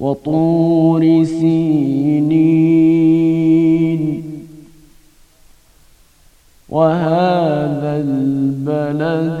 وطور سينين وهذا البلد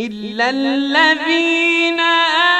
إلا الذين آمنوا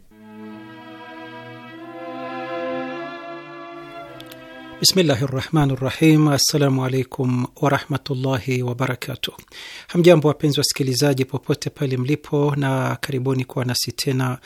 Bismillahi rahmani rahim. Assalamu alaikum warahmatullahi wabarakatuh. Hamjambo wapenzi wasikilizaji, popote pale mlipo, na karibuni kuwa nasi tena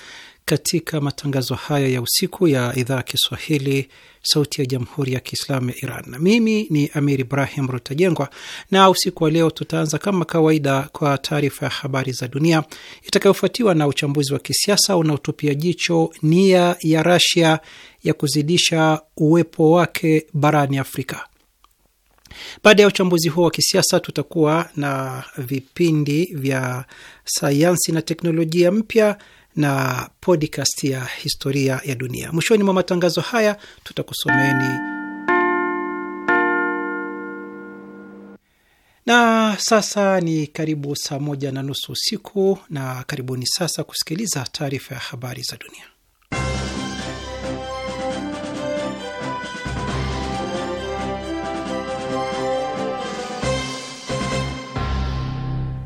katika matangazo haya ya usiku ya idhaa ya Kiswahili, Sauti ya Jamhuri ya Kiislamu ya Iran. Mimi ni Amir Ibrahim Rutajengwa, na usiku wa leo tutaanza kama kawaida kwa taarifa ya habari za dunia itakayofuatiwa na uchambuzi wa kisiasa unaotupia jicho nia ya Rasia ya kuzidisha uwepo wake barani Afrika. Baada ya uchambuzi huo wa kisiasa, tutakuwa na vipindi vya sayansi na teknolojia mpya na podcast ya historia ya dunia. Mwishoni mwa matangazo haya tutakusomeni Na sasa ni karibu saa moja na nusu usiku, na karibuni sasa kusikiliza taarifa ya habari za dunia.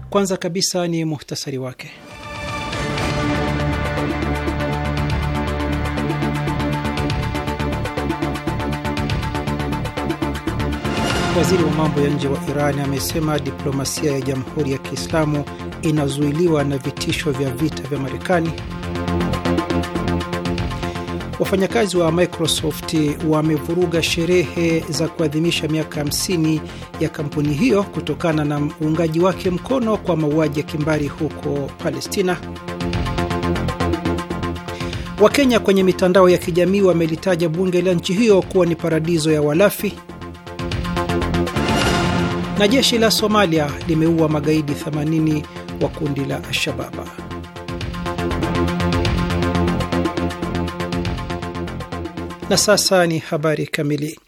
Kwanza kabisa ni muhtasari wake. Waziri wa mambo ya nje wa Iran amesema diplomasia ya Jamhuri ya Kiislamu inazuiliwa na vitisho vya vita vya Marekani. Wafanyakazi wa Microsoft wamevuruga sherehe za kuadhimisha miaka 50 ya kampuni hiyo kutokana na uungaji wake mkono kwa mauaji ya kimbari huko Palestina. Wakenya kwenye mitandao ya kijamii wamelitaja bunge la nchi hiyo kuwa ni paradizo ya walafi na jeshi la Somalia limeua magaidi 80 wa kundi la Alshababa. Na sasa ni habari kamili.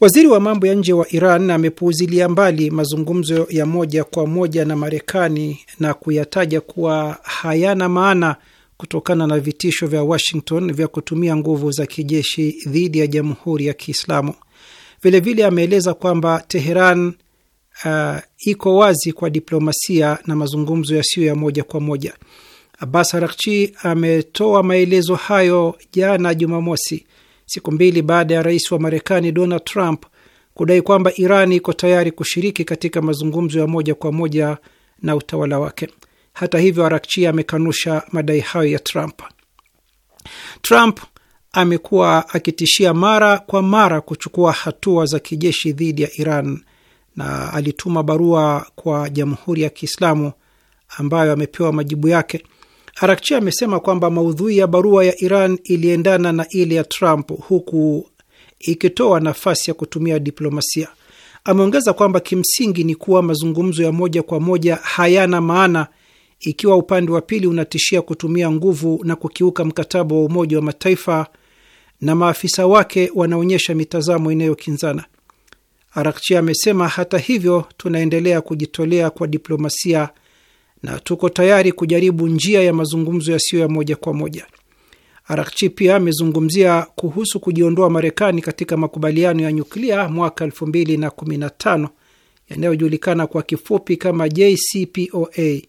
Waziri wa mambo ya nje wa Iran amepuuzilia mbali mazungumzo ya moja kwa moja na Marekani na kuyataja kuwa hayana maana kutokana na vitisho vya Washington vya kutumia nguvu za kijeshi dhidi ya Jamhuri ya Kiislamu. Vilevile ameeleza kwamba Teheran uh, iko wazi kwa diplomasia na mazungumzo yasiyo ya moja kwa moja. Abbas arakchi ametoa maelezo hayo jana Jumamosi, siku mbili baada ya rais wa Marekani Donald Trump kudai kwamba Iran iko tayari kushiriki katika mazungumzo ya moja kwa moja na utawala wake. Hata hivyo, Arakchi amekanusha madai hayo ya Trump. Trump amekuwa akitishia mara kwa mara kuchukua hatua za kijeshi dhidi ya Iran na alituma barua kwa Jamhuri ya Kiislamu ambayo amepewa majibu yake. Arakchi amesema kwamba maudhui ya barua ya Iran iliendana na ile ya Trump huku ikitoa nafasi ya kutumia diplomasia. Ameongeza kwamba kimsingi ni kuwa mazungumzo ya moja kwa moja hayana maana ikiwa upande wa pili unatishia kutumia nguvu na kukiuka mkataba wa Umoja wa Mataifa na maafisa wake wanaonyesha mitazamo inayokinzana. Arakchi amesema hata hivyo, tunaendelea kujitolea kwa diplomasia na tuko tayari kujaribu njia ya mazungumzo yasiyo ya moja kwa moja. Arakchi pia amezungumzia kuhusu kujiondoa Marekani katika makubaliano ya nyuklia mwaka 2015 yanayojulikana kwa kifupi kama JCPOA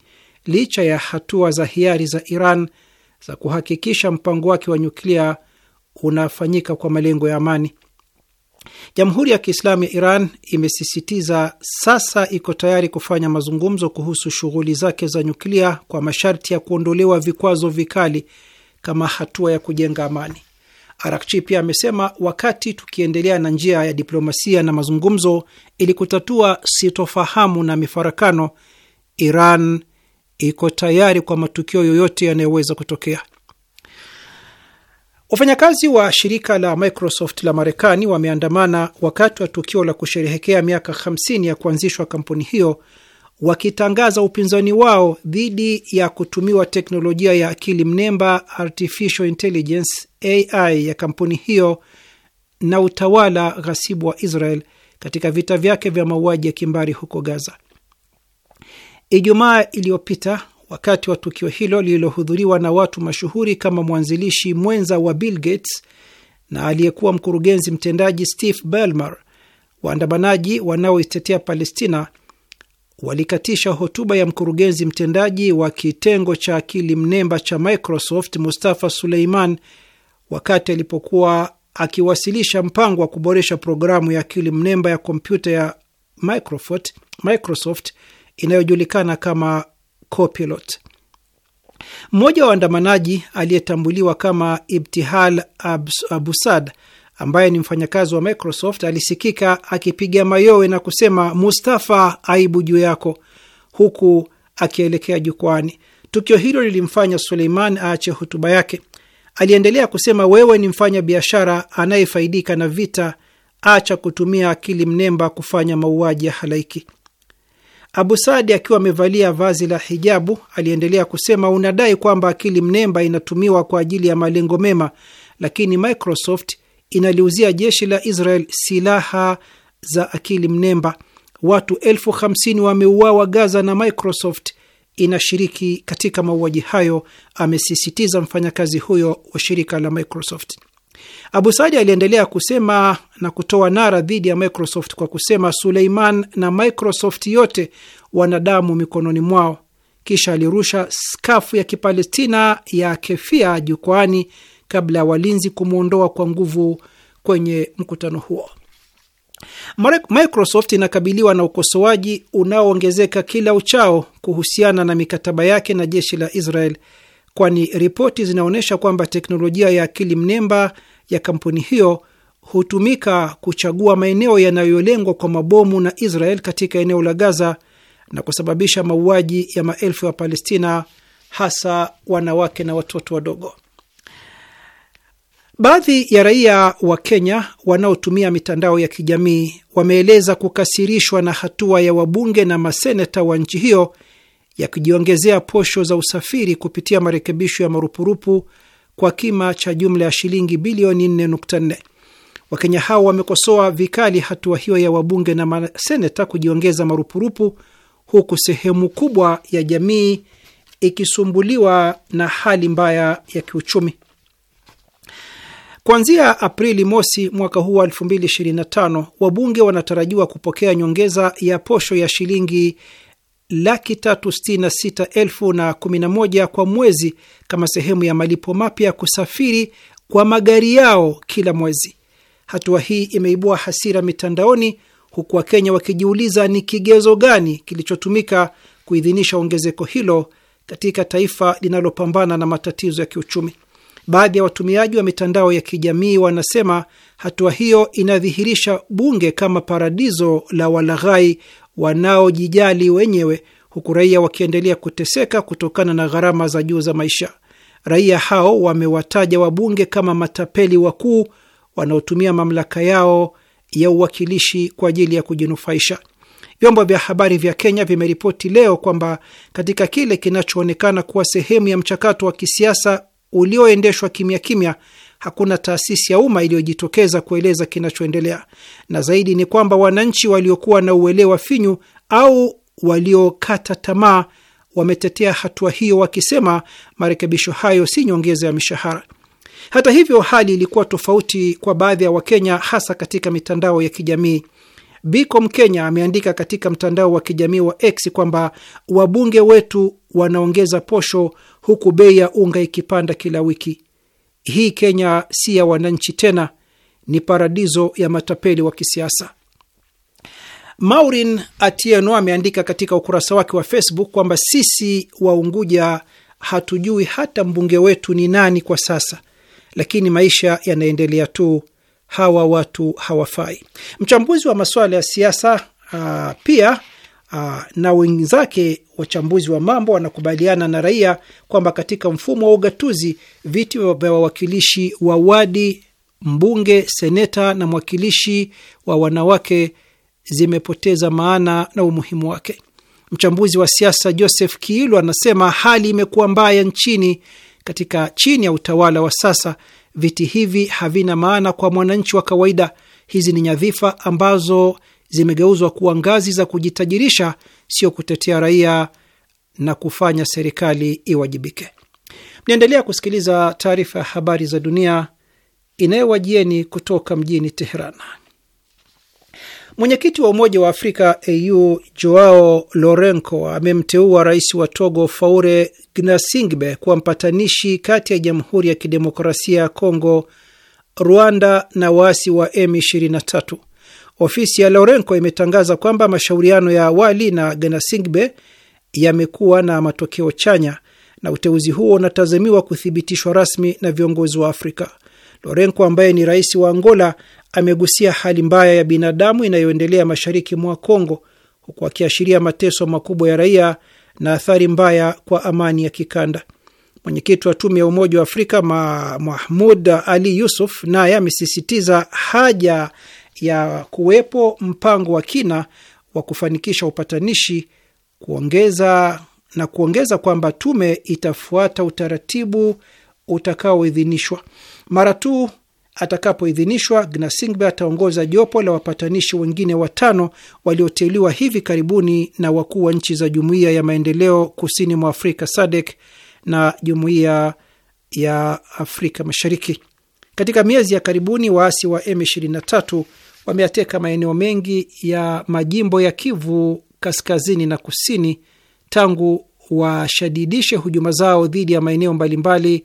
licha ya hatua za hiari za Iran za kuhakikisha mpango wake wa nyuklia unafanyika kwa malengo ya amani. Jamhuri ya Kiislamu ya Iran imesisitiza sasa iko tayari kufanya mazungumzo kuhusu shughuli zake za nyuklia kwa masharti ya kuondolewa vikwazo vikali kama hatua ya kujenga amani. Arakchi pia amesema, wakati tukiendelea na njia ya diplomasia na mazungumzo ili kutatua sitofahamu na mifarakano, Iran iko tayari kwa matukio yoyote yanayoweza kutokea. Wafanyakazi wa shirika la Microsoft la Marekani wameandamana wakati wa tukio la kusherehekea miaka 50 ya kuanzishwa kampuni hiyo, wakitangaza upinzani wao dhidi ya kutumiwa teknolojia ya akili mnemba artificial intelligence AI ya kampuni hiyo na utawala ghasibu wa Israel katika vita vyake vya mauaji ya kimbari huko Gaza. Ijumaa iliyopita wakati wa tukio hilo lililohudhuriwa na watu mashuhuri kama mwanzilishi mwenza wa Bill Gates na aliyekuwa mkurugenzi mtendaji Steve Ballmer, waandamanaji wanaoitetea Palestina walikatisha hotuba ya mkurugenzi mtendaji wa kitengo cha akili mnemba cha Microsoft Mustafa Suleiman wakati alipokuwa akiwasilisha mpango wa kuboresha programu ya akili mnemba ya kompyuta ya Microsoft, Microsoft inayojulikana kama Copilot. Mmoja wa waandamanaji aliyetambuliwa kama Ibtihal Abusad ambaye ni mfanyakazi wa Microsoft alisikika akipiga mayowe na kusema Mustafa, aibu juu yako, huku akielekea jukwani. Tukio hilo lilimfanya Suleiman aache hotuba yake. Aliendelea kusema, wewe ni mfanya biashara anayefaidika na vita, acha kutumia akili mnemba kufanya mauaji ya halaiki. Abu Saadi akiwa amevalia vazi la hijabu aliendelea kusema, unadai kwamba akili mnemba inatumiwa kwa ajili ya malengo mema, lakini Microsoft inaliuzia jeshi la Israel silaha za akili mnemba. Watu elfu hamsini wameuawa Gaza na Microsoft inashiriki katika mauaji hayo, amesisitiza mfanyakazi huyo wa shirika la Microsoft. Abu Saadi aliendelea kusema na kutoa nara dhidi ya Microsoft kwa kusema, Suleiman na Microsoft yote wanadamu mikononi mwao. Kisha alirusha skafu ya Kipalestina ya kefia jukwani kabla ya walinzi kumwondoa kwa nguvu kwenye mkutano huo. Microsoft inakabiliwa na ukosoaji unaoongezeka kila uchao kuhusiana na mikataba yake na jeshi la Israel kwani ripoti zinaonyesha kwamba teknolojia ya akili mnemba ya kampuni hiyo hutumika kuchagua maeneo yanayolengwa kwa mabomu na Israel katika eneo la Gaza na kusababisha mauaji ya maelfu ya Palestina, hasa wanawake na watoto wadogo. Baadhi ya raia wa Kenya wanaotumia mitandao ya kijamii wameeleza kukasirishwa na hatua ya wabunge na maseneta wa nchi hiyo yakijiongezea posho za usafiri kupitia marekebisho ya marupurupu kwa kima cha jumla ya shilingi bilioni 4.4. Wakenya hao wamekosoa vikali hatua hiyo ya wabunge na maseneta kujiongeza marupurupu, huku sehemu kubwa ya jamii ikisumbuliwa na hali mbaya ya kiuchumi. Kuanzia Aprili mosi mwaka huu wa 2025 wabunge wanatarajiwa kupokea nyongeza ya posho ya shilingi laki tatu sitini na sita elfu na kumi na moja kwa mwezi kama sehemu ya malipo mapya ya kusafiri kwa magari yao kila mwezi. Hatua hii imeibua hasira mitandaoni, huku Wakenya wakijiuliza ni kigezo gani kilichotumika kuidhinisha ongezeko hilo katika taifa linalopambana na matatizo ya kiuchumi. Baadhi ya watumiaji wa mitandao ya kijamii wanasema hatua hiyo inadhihirisha bunge kama paradizo la walaghai wanaojijali wenyewe, huku raia wakiendelea kuteseka kutokana na gharama za juu za maisha. Raia hao wamewataja wabunge kama matapeli wakuu wanaotumia mamlaka yao ya uwakilishi kwa ajili ya kujinufaisha. Vyombo vya habari vya Kenya vimeripoti leo kwamba katika kile kinachoonekana kuwa sehemu ya mchakato wa kisiasa ulioendeshwa kimya kimya, hakuna taasisi ya umma iliyojitokeza kueleza kinachoendelea, na zaidi ni kwamba wananchi waliokuwa na uelewa finyu au waliokata tamaa wametetea hatua hiyo, wakisema marekebisho hayo si nyongeza ya mishahara. Hata hivyo, hali ilikuwa tofauti kwa baadhi ya Wakenya, hasa katika mitandao ya kijamii. Biko Mkenya ameandika katika mtandao wa kijamii wa X kwamba wabunge wetu wanaongeza posho huku bei ya unga ikipanda kila wiki hii Kenya si ya wananchi tena, ni paradizo ya matapeli wa kisiasa. Maurin Atieno ameandika katika ukurasa wake wa Facebook kwamba sisi wa Unguja hatujui hata mbunge wetu ni nani kwa sasa, lakini maisha yanaendelea tu, hawa watu hawafai. Mchambuzi wa masuala ya siasa uh, pia Aa, ah, na wenzake wachambuzi wa mambo wanakubaliana na raia kwamba katika mfumo wa ugatuzi viti vya wawakilishi wa wadi, mbunge, seneta na mwakilishi wa wanawake zimepoteza maana na umuhimu wake. Mchambuzi wa siasa Joseph Kiilu anasema hali imekuwa mbaya nchini katika chini ya utawala wa sasa. Viti hivi havina maana kwa mwananchi wa kawaida. Hizi ni nyadhifa ambazo zimegeuzwa kuwa ngazi za kujitajirisha, sio kutetea raia na kufanya serikali iwajibike. Mnaendelea kusikiliza taarifa ya habari za dunia inayowajieni kutoka mjini Teheran. Mwenyekiti wa Umoja wa Afrika AU Joao Lourenco amemteua rais wa Togo Faure Gnasingbe kuwa mpatanishi kati ya Jamhuri ya Kidemokrasia ya Kongo, Rwanda na waasi wa M23. Ofisi ya Lorenco imetangaza kwamba mashauriano ya awali na Genasingbe yamekuwa na matokeo chanya na uteuzi huo unatazamiwa kuthibitishwa rasmi na viongozi wa Afrika. Lorenco ambaye ni rais wa Angola amegusia hali mbaya ya binadamu inayoendelea mashariki mwa Kongo, huku akiashiria mateso makubwa ya raia na athari mbaya kwa amani ya kikanda. Mwenyekiti wa tume ya Umoja wa Afrika Mahmud Ali Yusuf naye amesisitiza haja ya kuwepo mpango wa kina wa kufanikisha upatanishi kuongeza na kuongeza kwamba tume itafuata utaratibu utakaoidhinishwa mara tu atakapoidhinishwa. Gnasingbe ataongoza jopo la wapatanishi wengine watano walioteuliwa hivi karibuni na wakuu wa nchi za Jumuiya ya Maendeleo Kusini mwa Afrika SADC na Jumuiya ya Afrika Mashariki. Katika miezi ya karibuni waasi wa M23 wameateka maeneo mengi ya majimbo ya Kivu kaskazini na kusini tangu washadidishe hujuma zao dhidi ya maeneo mbalimbali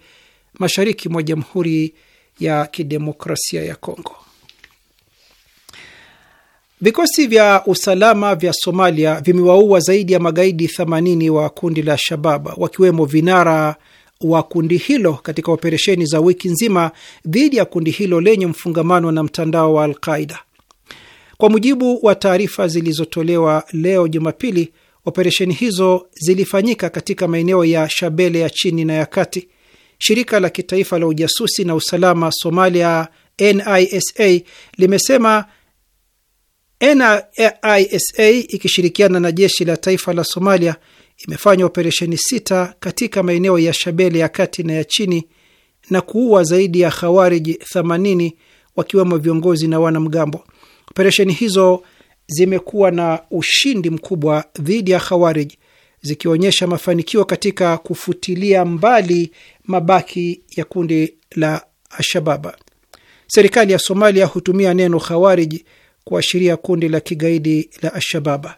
mashariki mwa Jamhuri ya Kidemokrasia ya Kongo. Vikosi vya usalama vya Somalia vimewaua zaidi ya magaidi 80 wa kundi la Shabab wakiwemo vinara wa kundi hilo katika operesheni za wiki nzima dhidi ya kundi hilo lenye mfungamano na mtandao wa Alqaida. Kwa mujibu wa taarifa zilizotolewa leo Jumapili, operesheni hizo zilifanyika katika maeneo ya Shabele ya chini na ya kati. Shirika la kitaifa la ujasusi na usalama Somalia, NISA, limesema NISA ikishirikiana na jeshi la taifa la Somalia imefanya operesheni sita katika maeneo ya Shabele ya kati na ya chini na kuua zaidi ya Khawariji 80 wakiwemo viongozi na wanamgambo. Operesheni hizo zimekuwa na ushindi mkubwa dhidi ya Khawarij, zikionyesha mafanikio katika kufutilia mbali mabaki ya kundi la Ashababa. Serikali ya Somalia hutumia neno Khawarij kuashiria kundi la kigaidi la Ashababa.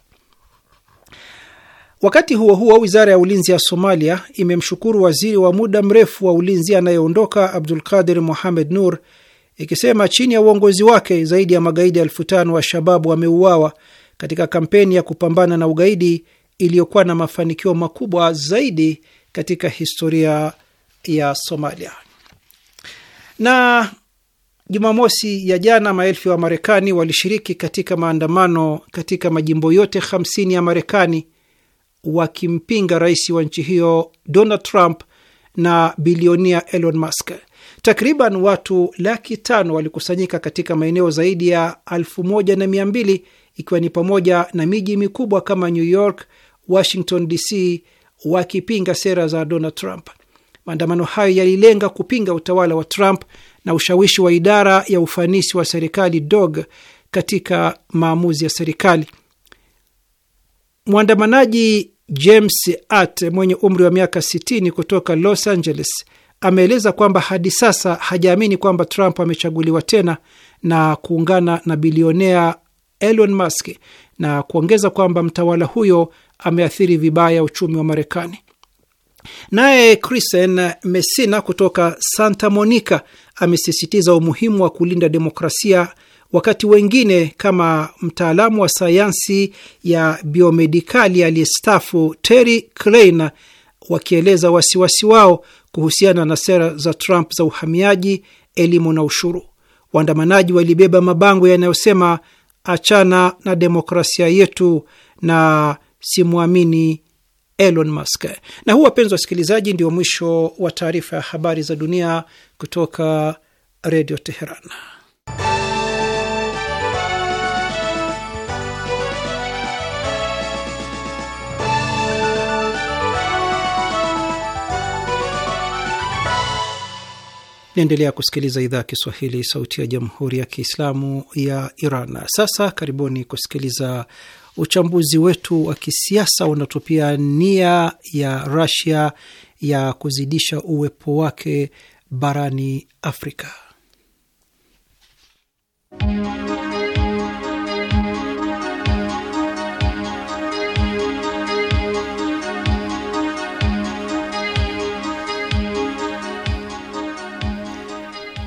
Wakati huo huo, wizara ya ulinzi ya Somalia imemshukuru waziri wa muda mrefu wa ulinzi anayeondoka Abdul Qadir Mohamed Nur ikisema chini ya uongozi wake zaidi ya magaidi elfu tano wa Shababu wameuawa katika kampeni ya kupambana na ugaidi iliyokuwa na mafanikio makubwa zaidi katika historia ya Somalia. Na Jumamosi ya jana maelfu ya Wamarekani walishiriki katika maandamano katika majimbo yote 50 ya Marekani wakimpinga rais wa nchi hiyo Donald Trump na bilionia Elon Musk. Takriban watu laki tano walikusanyika katika maeneo zaidi ya elfu moja na mia mbili ikiwa ni pamoja na miji mikubwa kama New York, Washington DC, wakipinga sera za Donald Trump. Maandamano hayo yalilenga kupinga utawala wa Trump na ushawishi wa idara ya ufanisi wa serikali dog katika maamuzi ya serikali. Mwandamanaji James At mwenye umri wa miaka 60 kutoka Los Angeles ameeleza kwamba hadi sasa hajaamini kwamba Trump amechaguliwa tena na kuungana na bilionea Elon Musk na kuongeza kwamba mtawala huyo ameathiri vibaya uchumi wa Marekani. Naye Kristen Messina kutoka Santa Monica amesisitiza umuhimu wa kulinda demokrasia, wakati wengine kama mtaalamu wa sayansi ya biomedikali aliyestafu Terry Klein wakieleza wasiwasi wao kuhusiana na sera za Trump za uhamiaji, elimu na ushuru. Waandamanaji walibeba mabango yanayosema achana na demokrasia yetu na simwamini Elon Musk. Na huu, wapenzi wasikilizaji, ndio mwisho wa taarifa ya habari za dunia kutoka Redio Teheran. Naendelea kusikiliza idhaa ya Kiswahili, sauti ya jamhuri ya kiislamu ya Iran. Sasa karibuni kusikiliza uchambuzi wetu wa kisiasa unatupia nia ya rasia ya kuzidisha uwepo wake barani Afrika.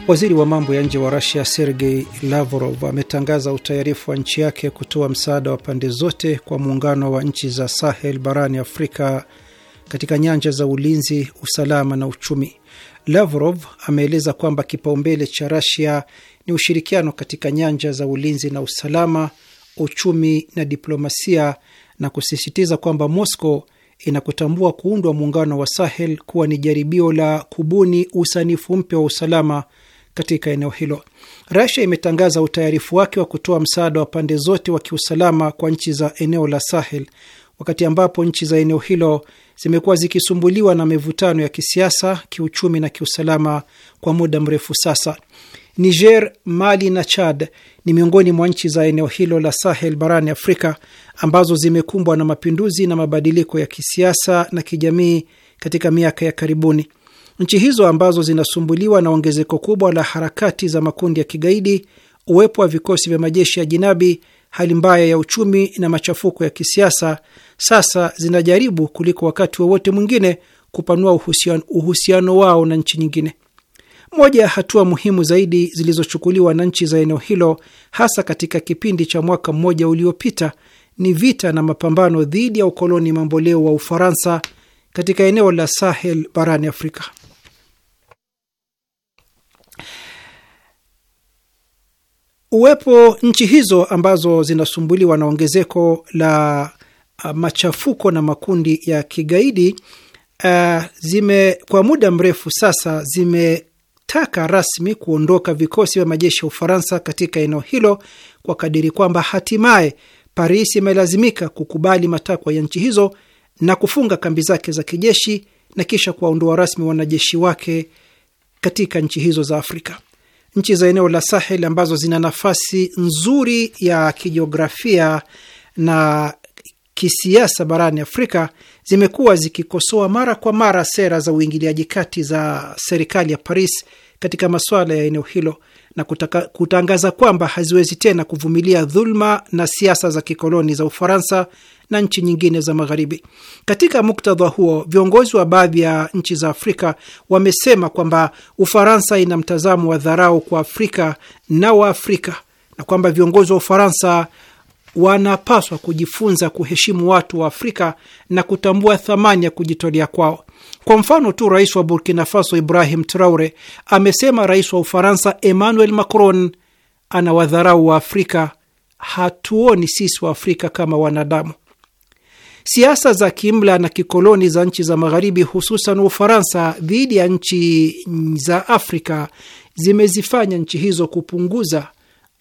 Waziri wa mambo ya nje wa Rusia Sergei Lavrov ametangaza utayarifu wa nchi yake kutoa msaada wa pande zote kwa muungano wa nchi za Sahel barani Afrika katika nyanja za ulinzi, usalama na uchumi. Lavrov ameeleza kwamba kipaumbele cha Rusia ni ushirikiano katika nyanja za ulinzi na usalama, uchumi na diplomasia, na kusisitiza kwamba Moscow inakutambua kuundwa muungano wa Sahel kuwa ni jaribio la kubuni usanifu mpya wa usalama katika eneo hilo. Rasia imetangaza utayarifu wake wa kutoa msaada wa pande zote wa kiusalama kwa nchi za eneo la Sahel, wakati ambapo nchi za eneo hilo zimekuwa zikisumbuliwa na mivutano ya kisiasa, kiuchumi na kiusalama kwa muda mrefu sasa. Niger, Mali na Chad ni miongoni mwa nchi za eneo hilo la Sahel barani Afrika ambazo zimekumbwa na mapinduzi na mabadiliko ya kisiasa na kijamii katika miaka ya karibuni. Nchi hizo ambazo zinasumbuliwa na ongezeko kubwa la harakati za makundi ya kigaidi, uwepo wa vikosi vya majeshi ya jinabi, hali mbaya ya uchumi na machafuko ya kisiasa, sasa zinajaribu kuliko wakati wowote wa mwingine kupanua uhusiano, uhusiano wao na nchi nyingine. Moja ya hatua muhimu zaidi zilizochukuliwa na nchi za eneo hilo hasa katika kipindi cha mwaka mmoja uliopita ni vita na mapambano dhidi ya ukoloni mamboleo wa Ufaransa katika eneo la Sahel barani Afrika. Uwepo nchi hizo ambazo zinasumbuliwa na ongezeko la uh, machafuko na makundi ya kigaidi uh, zime kwa muda mrefu sasa zimetaka rasmi kuondoka vikosi vya majeshi ya Ufaransa katika eneo hilo kwa kadiri kwamba hatimaye Paris imelazimika kukubali matakwa ya nchi hizo na kufunga kambi zake za kijeshi na kisha kuwaondoa rasmi wanajeshi wake katika nchi hizo za Afrika nchi za eneo la Sahel ambazo zina nafasi nzuri ya kijiografia na kisiasa barani Afrika zimekuwa zikikosoa mara kwa mara sera za uingiliaji kati za serikali ya Paris katika masuala ya eneo hilo na kutaka, kutangaza kwamba haziwezi tena kuvumilia dhuluma na siasa za kikoloni za Ufaransa na nchi nyingine za Magharibi. Katika muktadha huo, viongozi wa baadhi ya nchi za Afrika wamesema kwamba Ufaransa ina mtazamo wa dharau kwa Afrika na Waafrika na kwamba viongozi wa Ufaransa wanapaswa kujifunza kuheshimu watu wa Afrika na kutambua thamani ya kujitolea kwao. Kwa mfano tu, rais wa Burkina Faso Ibrahim Traore amesema rais wa Ufaransa Emmanuel Macron ana wadharau wa Afrika, hatuoni sisi wa Afrika kama wanadamu. Siasa za kimla na kikoloni za nchi za Magharibi, hususan Ufaransa, dhidi ya nchi za Afrika zimezifanya nchi hizo kupunguza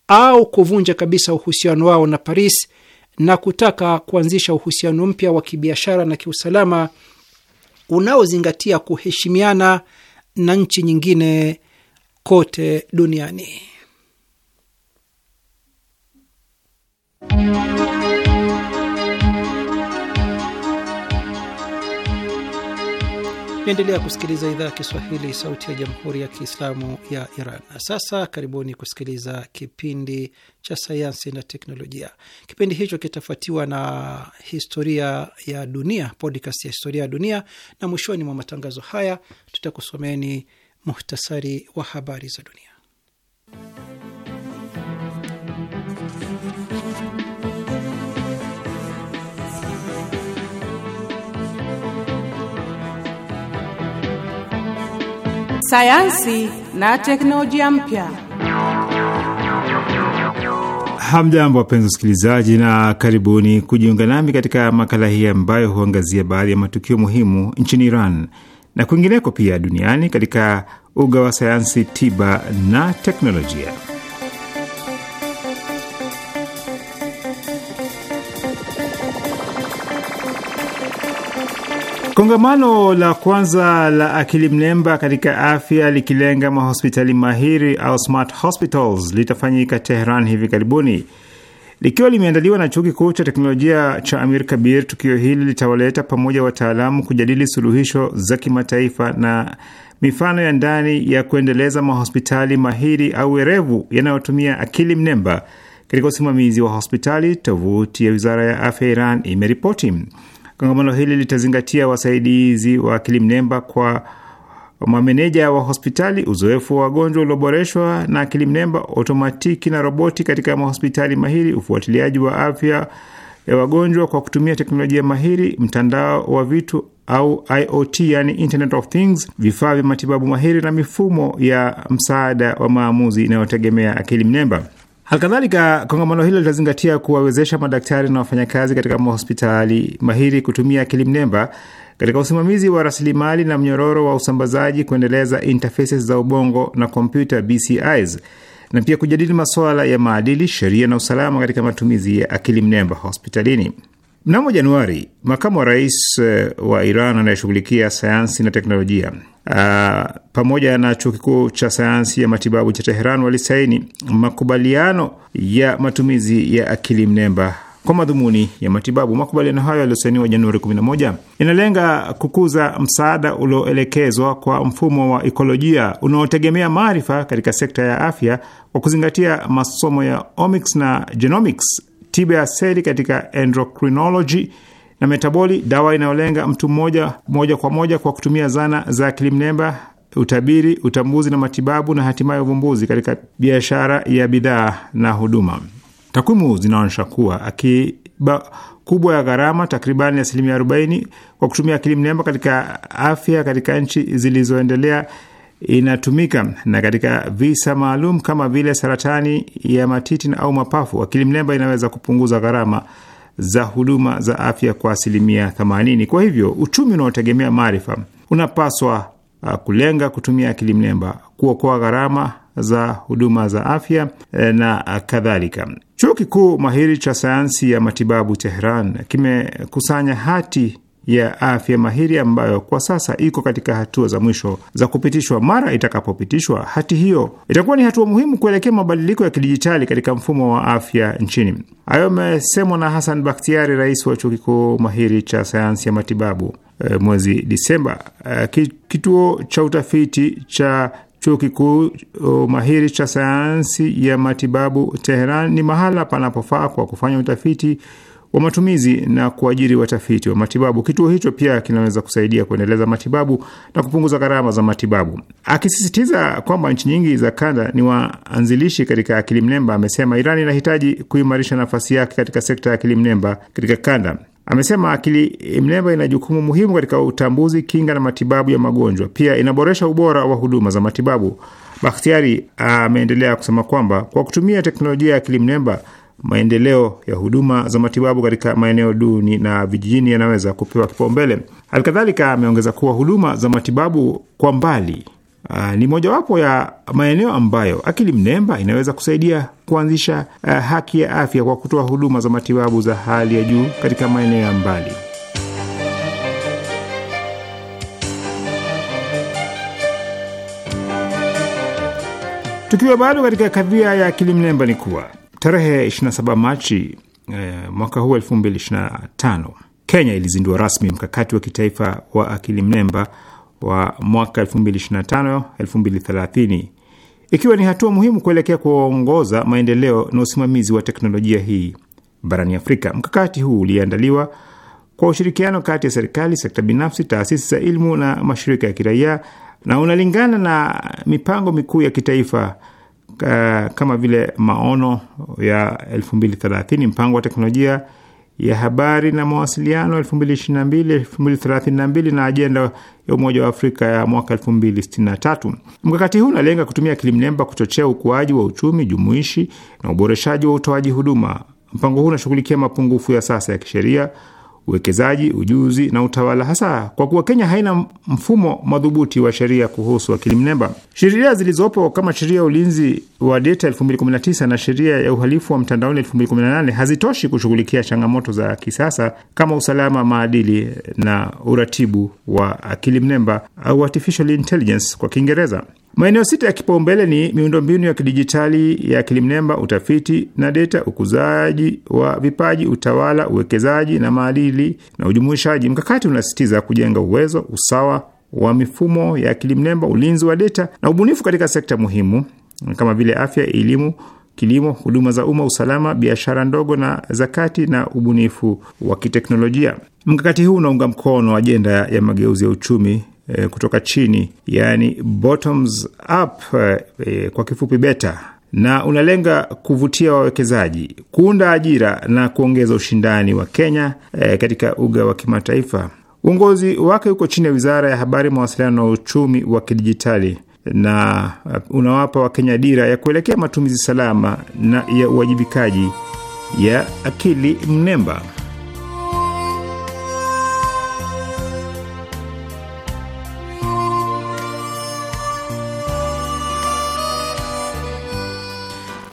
au kuvunja kabisa uhusiano wao na Paris na kutaka kuanzisha uhusiano mpya wa kibiashara na kiusalama unaozingatia kuheshimiana na nchi nyingine kote duniani. Naendelea kusikiliza idhaa ya Kiswahili, sauti ya jamhuri ya kiislamu ya Iran. Na sasa karibuni kusikiliza kipindi cha sayansi na teknolojia. Kipindi hicho kitafuatiwa na historia ya dunia, podcast ya historia ya dunia, na mwishoni mwa matangazo haya tutakusomeni muhtasari wa habari za dunia. sayansi na teknolojia mpya. Hamjambo, wapenzi wasikilizaji, na karibuni kujiunga nami katika makala hii ambayo huangazia baadhi ya matukio muhimu nchini Iran na kwingineko pia duniani katika uga wa sayansi, tiba na teknolojia. Kongamano la kwanza la akili mnemba katika afya likilenga mahospitali mahiri au smart hospitals litafanyika teheran hivi karibuni likiwa limeandaliwa na chuo kikuu cha teknolojia cha Amir Kabir. Tukio hili litawaleta pamoja wataalamu kujadili suluhisho za kimataifa na mifano ya ndani ya kuendeleza mahospitali mahiri au werevu yanayotumia akili mnemba katika usimamizi wa hospitali, tovuti ya wizara ya afya Iran imeripoti. Kongamano hili litazingatia wasaidizi wa akili mnemba kwa mameneja wa hospitali, uzoefu wa wagonjwa ulioboreshwa na akili mnemba, otomatiki na roboti katika mahospitali mahiri, ufuatiliaji wa afya ya wagonjwa kwa kutumia teknolojia mahiri, mtandao wa vitu au IoT, yani Internet of Things, vifaa vya matibabu mahiri na mifumo ya msaada wa maamuzi inayotegemea akili mnemba. Halikadhalika, kongamano hilo litazingatia kuwawezesha madaktari na wafanyakazi katika mahospitali mahiri kutumia akili mnemba katika usimamizi wa rasilimali na mnyororo wa usambazaji, kuendeleza interfaces za ubongo na kompyuta BCIs, na pia kujadili masuala ya maadili, sheria na usalama katika matumizi ya akili mnemba hospitalini. Mnamo Januari, makamu wa rais eh, wa Iran anayeshughulikia sayansi na teknolojia uh, pamoja na chuo kikuu cha sayansi ya matibabu cha Teheran walisaini makubaliano ya matumizi ya akili mnemba kwa madhumuni ya matibabu. Makubaliano hayo yaliyosainiwa Januari 11 inalenga kukuza msaada ulioelekezwa kwa mfumo wa ikolojia unaotegemea maarifa katika sekta ya afya kwa kuzingatia masomo ya omics na genomics tiba ya seli katika endocrinology na metaboli, dawa inayolenga mtu mmoja moja kwa moja kwa kutumia zana za kilimnemba, utabiri, utambuzi na matibabu, na hatimaye uvumbuzi katika biashara ya bidhaa na huduma. Takwimu zinaonyesha kuwa akiba kubwa ya gharama takribani asilimia 40 kwa kutumia akili mnemba katika afya katika nchi zilizoendelea inatumika na katika visa maalum kama vile saratani ya matiti au mapafu, akili mnemba inaweza kupunguza gharama za huduma za afya kwa asilimia 80. Kwa hivyo uchumi unaotegemea maarifa unapaswa uh, kulenga kutumia akili mnemba kuokoa gharama za huduma za afya eh, na kadhalika. Chuo kikuu mahiri cha sayansi ya matibabu Tehran kimekusanya hati ya afya mahiri ambayo kwa sasa iko katika hatua za mwisho za kupitishwa. Mara itakapopitishwa, hati hiyo itakuwa ni hatua muhimu kuelekea mabadiliko ya kidijitali katika mfumo wa afya nchini. Hayo amesemwa na Hassan baktiari rais wa chuo kikuu mahiri cha sayansi ya matibabu e, mwezi Disemba. E, kituo cha utafiti cha chuo kikuu mahiri cha sayansi ya matibabu Teheran ni mahala panapofaa kwa kufanya utafiti wa matumizi na kuajiri watafiti wa matibabu. Kituo hicho pia kinaweza kusaidia kuendeleza matibabu na kupunguza gharama za matibabu. Akisisitiza kwamba nchi nyingi za kanda ni waanzilishi katika akili mnemba, amesema Iran inahitaji kuimarisha nafasi yake katika sekta ya akili mnemba katika kanda. Amesema akili mnemba ina jukumu muhimu katika utambuzi, kinga na matibabu ya magonjwa. Pia inaboresha ubora wa huduma za matibabu. Bakhtiari ameendelea kusema kwamba kwa kutumia teknolojia ya akili mnemba maendeleo ya huduma za matibabu katika maeneo duni na vijijini yanaweza kupewa kipaumbele. Halikadhalika, ameongeza kuwa huduma za matibabu kwa mbali Uh, ni mojawapo ya maeneo ambayo akili mnemba inaweza kusaidia kuanzisha uh, haki ya afya kwa kutoa huduma za matibabu za hali ya juu katika maeneo ya mbali. Tukiwa bado katika kadhia ya akili mnemba, ni kuwa Tarehe 27 Machi e, mwaka huu 2025 Kenya ilizindua rasmi mkakati wa kitaifa wa akili mnemba wa mwaka 2025 2030 ikiwa ni hatua muhimu kuelekea kuongoza maendeleo na usimamizi wa teknolojia hii barani Afrika. Mkakati huu uliandaliwa kwa ushirikiano kati ya serikali, sekta binafsi, taasisi za elimu na mashirika ya kiraia na unalingana na mipango mikuu ya kitaifa Eh, kama vile maono ya 2030, mpango wa teknolojia ya habari na mawasiliano 2022 2032 na ajenda ya Umoja wa Afrika ya mwaka 2063. Mkakati huu unalenga kutumia akili mnemba kuchochea ukuaji wa uchumi jumuishi na uboreshaji wa utoaji huduma. Mpango huu unashughulikia mapungufu ya sasa ya kisheria uwekezaji, ujuzi na utawala, hasa kwa kuwa Kenya haina mfumo madhubuti wa sheria kuhusu akili mnemba. Sheria zilizopo kama sheria ya ulinzi wa data 2019 na sheria ya uhalifu wa mtandaoni 2018 hazitoshi kushughulikia changamoto za kisasa kama usalama, maadili na uratibu wa akili mnemba au artificial intelligence kwa Kiingereza. Maeneo sita ya kipaumbele ni miundombinu ya kidijitali ya kilimnemba, utafiti na data, ukuzaji wa vipaji, utawala, uwekezaji na maadili na ujumuishaji. Mkakati unasisitiza kujenga uwezo, usawa wa mifumo ya kilimnemba, ulinzi wa data na ubunifu katika sekta muhimu kama vile afya, elimu, kilimo, huduma za umma, usalama, biashara ndogo na zakati na ubunifu wa kiteknolojia. Mkakati huu unaunga mkono ajenda ya mageuzi ya uchumi Eh, kutoka chini, yani bottoms up e, kwa kifupi beta, na unalenga kuvutia wawekezaji, kuunda ajira na kuongeza ushindani wa Kenya e, katika uga wa kimataifa. Uongozi wake uko chini ya Wizara ya Habari, Mawasiliano na Uchumi wa Kidijitali na unawapa Wakenya dira ya kuelekea matumizi salama na ya uwajibikaji ya akili mnemba.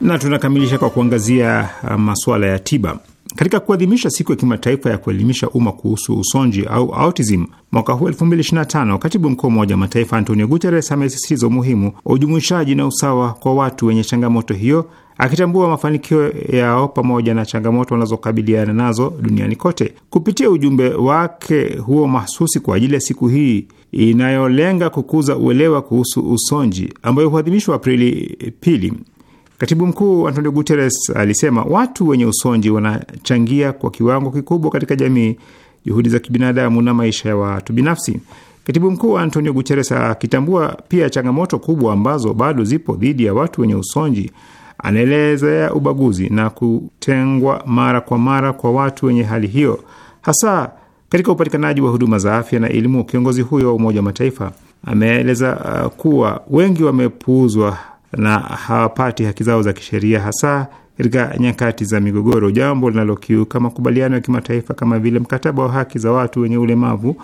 na tunakamilisha kwa kuangazia uh, masuala ya tiba. Katika kuadhimisha siku ya kimataifa ya kuelimisha umma kuhusu usonji au autism mwaka huu 2025, katibu mkuu wa Umoja wa Mataifa Antonio Guterres amesisitiza umuhimu wa ujumuishaji na usawa kwa watu wenye changamoto hiyo, akitambua mafanikio yao pamoja na changamoto wanazokabiliana nazo duniani kote. Kupitia ujumbe wake huo mahsusi kwa ajili ya siku hii inayolenga kukuza uelewa kuhusu usonji ambayo huadhimishwa Aprili pili, Katibu mkuu Antonio Guterres alisema watu wenye usonji wanachangia kwa kiwango kikubwa katika jamii, juhudi za kibinadamu na maisha ya watu binafsi. Katibu mkuu Antonio Guterres akitambua pia changamoto kubwa ambazo bado zipo dhidi ya watu wenye usonji, anaelezea ubaguzi na kutengwa mara kwa mara kwa watu wenye hali hiyo, hasa katika upatikanaji wa huduma za afya na elimu. Kiongozi huyo wa Umoja wa Mataifa ameeleza uh, kuwa wengi wamepuuzwa na hawapati haki zao za kisheria hasa katika nyakati za migogoro, jambo linalokiuka makubaliano ya kimataifa kama vile mkataba wa haki za watu wenye ulemavu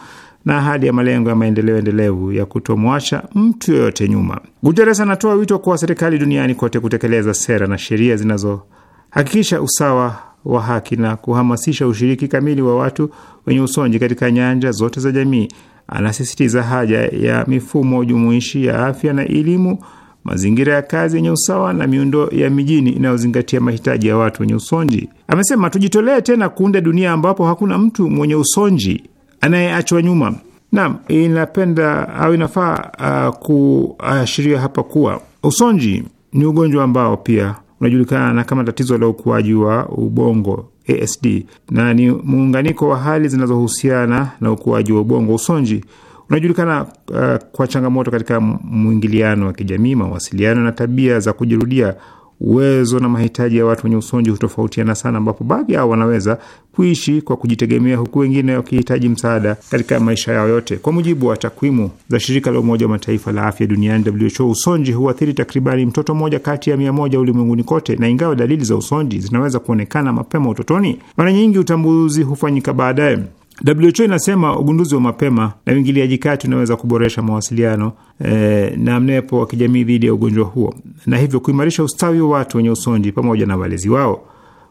na ahadi ya malengo ya maendeleo endelevu ya kutomwacha mtu yoyote nyuma. Guteres anatoa wito kwa serikali duniani kote kutekeleza sera na sheria zinazohakikisha usawa wa haki na kuhamasisha ushiriki kamili wa watu wenye usonji katika nyanja zote za jamii. Anasisitiza haja ya mifumo jumuishi ya afya na elimu mazingira ya kazi yenye usawa na miundo ya mijini inayozingatia mahitaji ya watu wenye usonji. Amesema tujitolee tena kuunda dunia ambapo hakuna mtu mwenye usonji anayeachwa nyuma. Naam, inapenda au inafaa uh, kuashiria hapa kuwa usonji ni ugonjwa ambao pia unajulikana na kama tatizo la ukuaji wa ubongo ASD, na ni muunganiko wa hali zinazohusiana na ukuaji wa ubongo. Usonji unajulikana uh, kwa changamoto katika mwingiliano wa kijamii, mawasiliano na tabia za kujirudia. Uwezo na mahitaji ya watu wenye usonji hutofautiana sana, ambapo baadhi yao wanaweza kuishi kwa kujitegemea huku wengine wakihitaji msaada katika maisha yao yote. Kwa mujibu wa takwimu za shirika la Umoja wa Mataifa la afya duniani WHO, usonji huathiri takribani mtoto mmoja kati ya mia moja ulimwenguni kote, na ingawa dalili za usonji zinaweza kuonekana mapema utotoni, mara nyingi utambuzi hufanyika baadaye. WHO inasema ugunduzi wa mapema na uingiliaji kati unaweza kuboresha mawasiliano e, na mnepo wa kijamii dhidi ya ugonjwa huo na hivyo kuimarisha ustawi wa watu wenye usonji pamoja na walezi wao.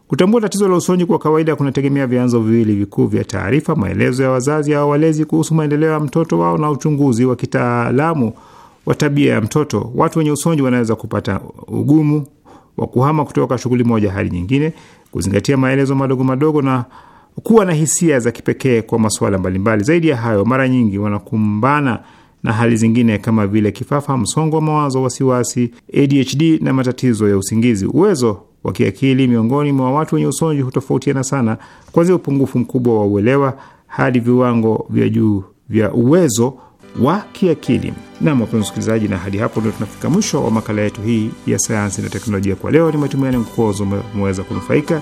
Kutambua tatizo la usonji kwa kawaida kunategemea vyanzo viwili vikuu vya taarifa: maelezo ya wazazi au walezi kuhusu maendeleo ya mtoto wao na uchunguzi wa kitaalamu wa tabia ya mtoto. Watu wenye usonji wanaweza kupata ugumu wa kuhama kutoka shughuli moja hadi nyingine, kuzingatia maelezo madogo madogo na kuwa na hisia za kipekee kwa masuala mbalimbali. Zaidi ya hayo, mara nyingi wanakumbana na hali zingine kama vile kifafa, msongo wa mawazo, wasiwasi, ADHD na matatizo ya usingizi. Uwezo wa kiakili miongoni mwa watu wenye usonji hutofautiana sana, kuanzia upungufu mkubwa wa uelewa hadi viwango vya juu vya uwezo wa kiakili. Nam, wapenzi msikilizaji, na hadi hapo ndio tunafika mwisho wa makala yetu hii ya sayansi na teknolojia kwa leo. Ni matumaini yangu kuwa umeweza kunufaika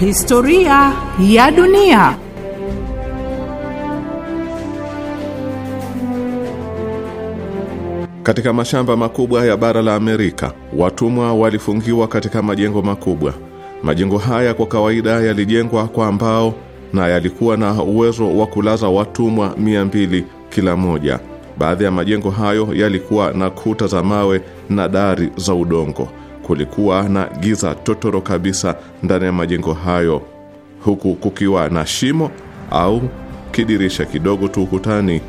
Historia ya dunia. Katika mashamba makubwa ya bara la Amerika, watumwa walifungiwa katika majengo makubwa. Majengo haya kwa kawaida yalijengwa kwa mbao na yalikuwa na uwezo wa kulaza watumwa mia mbili kila moja. Baadhi ya majengo hayo yalikuwa na kuta za mawe na dari za udongo kulikuwa na giza totoro kabisa ndani ya majengo hayo, huku kukiwa na shimo au kidirisha kidogo tu ukutani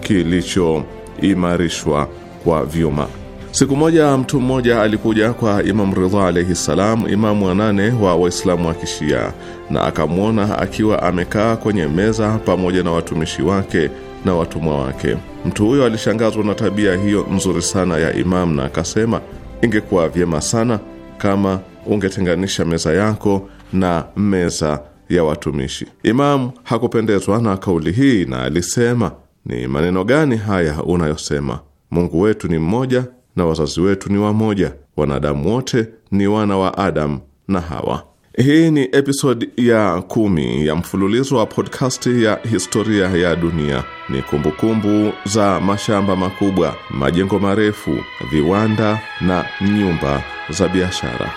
kilichoimarishwa kwa vyuma. Siku moja mtu mmoja alikuja kwa Imam Ridha alaihi salam, imamu wa nane wa Waislamu wa Kishia, na akamwona akiwa amekaa kwenye meza pamoja na watumishi wake na watumwa wake. Mtu huyo alishangazwa na tabia hiyo nzuri sana ya imamu na akasema Ingekuwa vyema sana kama ungetenganisha meza yako na meza ya watumishi. Imamu hakupendezwa na kauli hii na alisema, ni maneno gani haya unayosema? Mungu wetu ni mmoja na wazazi wetu ni wamoja, wanadamu wote ni wana wa Adamu na Hawa. Hii ni episodi ya kumi ya mfululizo wa podkasti ya historia ya dunia. Ni kumbukumbu kumbu za mashamba makubwa, majengo marefu, viwanda na nyumba za biashara.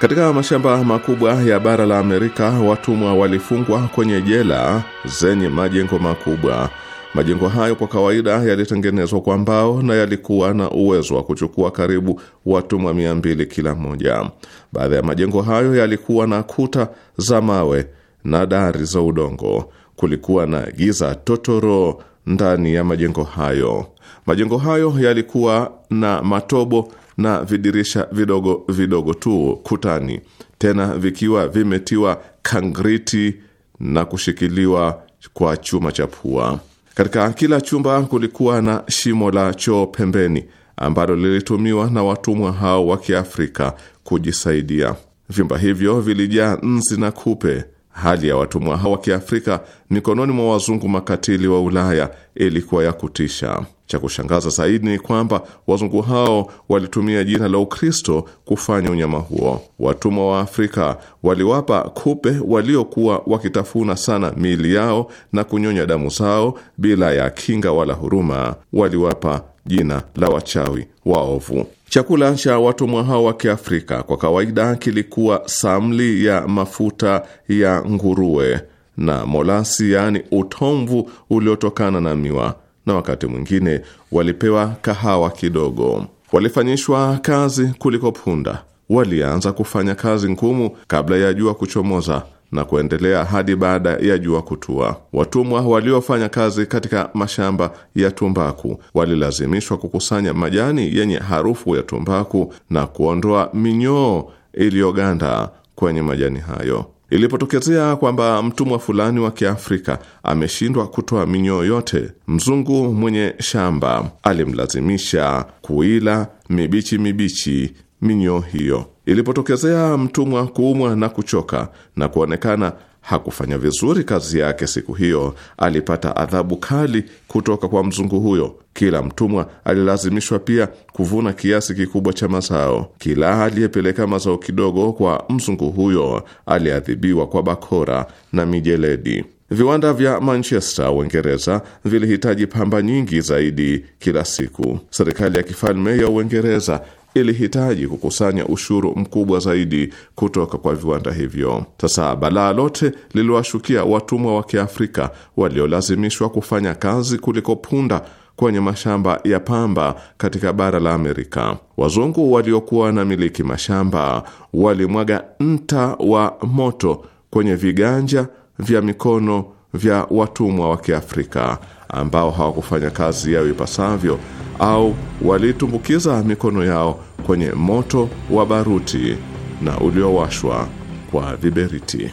Katika mashamba makubwa ya bara la Amerika, watumwa walifungwa kwenye jela zenye majengo makubwa Majengo hayo kwa kawaida yalitengenezwa kwa mbao na yalikuwa na uwezo wa kuchukua karibu watumwa mia mbili kila mmoja. Baadhi ya majengo hayo yalikuwa na kuta za mawe na dari za udongo. Kulikuwa na giza totoro ndani ya majengo hayo. Majengo hayo yalikuwa na matobo na vidirisha vidogo vidogo tu kutani, tena vikiwa vimetiwa kangriti na kushikiliwa kwa chuma cha pua. Katika kila chumba kulikuwa na shimo la choo pembeni ambalo lilitumiwa na watumwa hao wa Kiafrika kujisaidia. Vyumba hivyo vilijaa nzi na kupe Hali ya watumwa hao wa Kiafrika mikononi mwa wazungu makatili wa Ulaya ilikuwa ya kutisha. Cha kushangaza zaidi ni kwamba wazungu hao walitumia jina la Ukristo kufanya unyama huo. Watumwa wa Afrika waliwapa kupe waliokuwa wakitafuna sana miili yao na kunyonya damu zao bila ya kinga wala huruma, waliwapa jina la wachawi waovu. Chakula cha watumwa hao wa Kiafrika kwa kawaida kilikuwa samli ya mafuta ya nguruwe na molasi, yaani utomvu uliotokana na miwa, na wakati mwingine walipewa kahawa kidogo. Walifanyishwa kazi kuliko punda. Walianza kufanya kazi ngumu kabla ya jua kuchomoza na kuendelea hadi baada ya jua kutua. Watumwa waliofanya kazi katika mashamba ya tumbaku walilazimishwa kukusanya majani yenye harufu ya tumbaku na kuondoa minyoo iliyoganda kwenye majani hayo. Ilipotokezea kwamba mtumwa fulani wa Kiafrika ameshindwa kutoa minyoo yote, mzungu mwenye shamba alimlazimisha kuila mibichi mibichi minyoo hiyo. Ilipotokezea mtumwa kuumwa na kuchoka na kuonekana hakufanya vizuri kazi yake siku hiyo, alipata adhabu kali kutoka kwa mzungu huyo. Kila mtumwa alilazimishwa pia kuvuna kiasi kikubwa cha mazao. Kila aliyepeleka mazao kidogo kwa mzungu huyo aliadhibiwa kwa bakora na mijeledi. Viwanda vya Manchester, Uingereza, vilihitaji pamba nyingi zaidi kila siku. Serikali ya kifalme ya Uingereza ilihitaji kukusanya ushuru mkubwa zaidi kutoka kwa viwanda hivyo. Sasa balaa lote liliwashukia watumwa wa Kiafrika waliolazimishwa kufanya kazi kuliko punda kwenye mashamba ya pamba katika bara la Amerika. Wazungu waliokuwa na miliki mashamba walimwaga nta wa moto kwenye viganja vya mikono vya watumwa wa Kiafrika ambao hawakufanya kazi yao ipasavyo au waliitumbukiza mikono yao kwenye moto wa baruti na uliowashwa kwa viberiti.